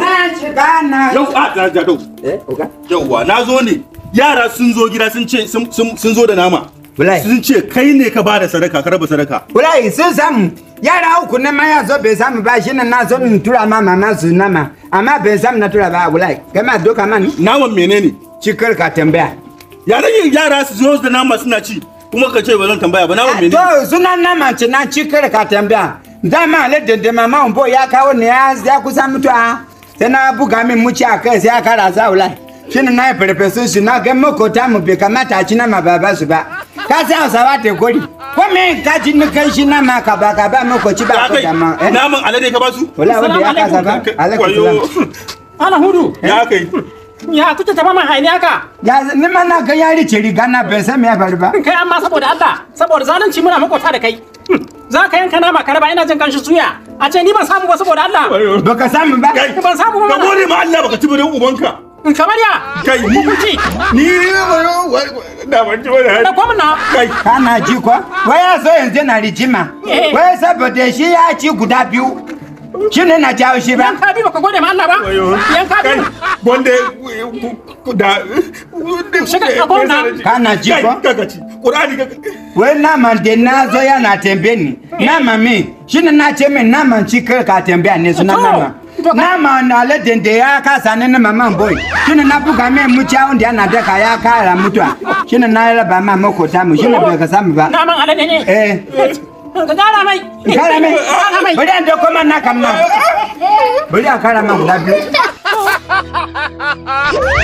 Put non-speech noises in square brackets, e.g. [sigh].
Ah, eh, Yauwa na zo ne yara sun zo gida sun ce sun zo da nama. Wallahi. Sun ce kai ne ka bada sadaka ka raba sadaka. Wallahi sun samu yara uku ne ma ya zo bai samu ba shi na zo in tura ma mama su nama amma bai samu na tura ba wallahi kai ma doka man. Naman menene? Cikar ka tambaya. Yaran yara su zo da nama suna ci kuma ka ce ba zan tambaya ba naman ah, menene? To sunan naman ci na cikar ka tambaya. dama ladin da mama bo ya kawo ne ya kusa mutuwa sai na buga min muci a kai sai aka rasa ulai shi na yi farfesun shi na ga makota mu bai kamata ci nama baba su ba ka sai ta gori ko me ka ji ni kai shi nama ka ba ka ba makoci ba ko dama eh? namun alade ka ba su wala wanda ya kasa ba alaikum salam ala hudu ya kai ya kuke ta mama haini haka ya ni ma na ga yari ce riga na bai san me ya faru ba kai amma saboda Allah saboda zalunci muna makota da kai za ka yanka nama ka raba ina jin kanshi suya a ce ni ban samu ba saboda Allah ba ka samu ba ban samu ba ka gode ma Allah baka ci birin ubanka kamar ya kai ni hukunci ni da ban ci bane da kuma na kai kana ji kwa waya so yanzu na rijima eh. waya saboda shi ya ci guda biyu Shin na jawo shi ba? Yanka biyu ka gode ma Allah ba? Yanka biyu. da ka gona. Kana ji ko? Kakaci. Qur'ani kakaci. Wai naman da na zo ni. Naman me? Shin na ce min naman ci ka tambaya ne suna Nama na aladin da ya kasa ne na maman boy. Shine na buga min muciya wanda yana daka ya kara mutuwa. Shine na raba ma makota mu shine oh. bai ka samu ba. Naman aladin ne? Eh. eh. ka gara na [laughs] [laughs]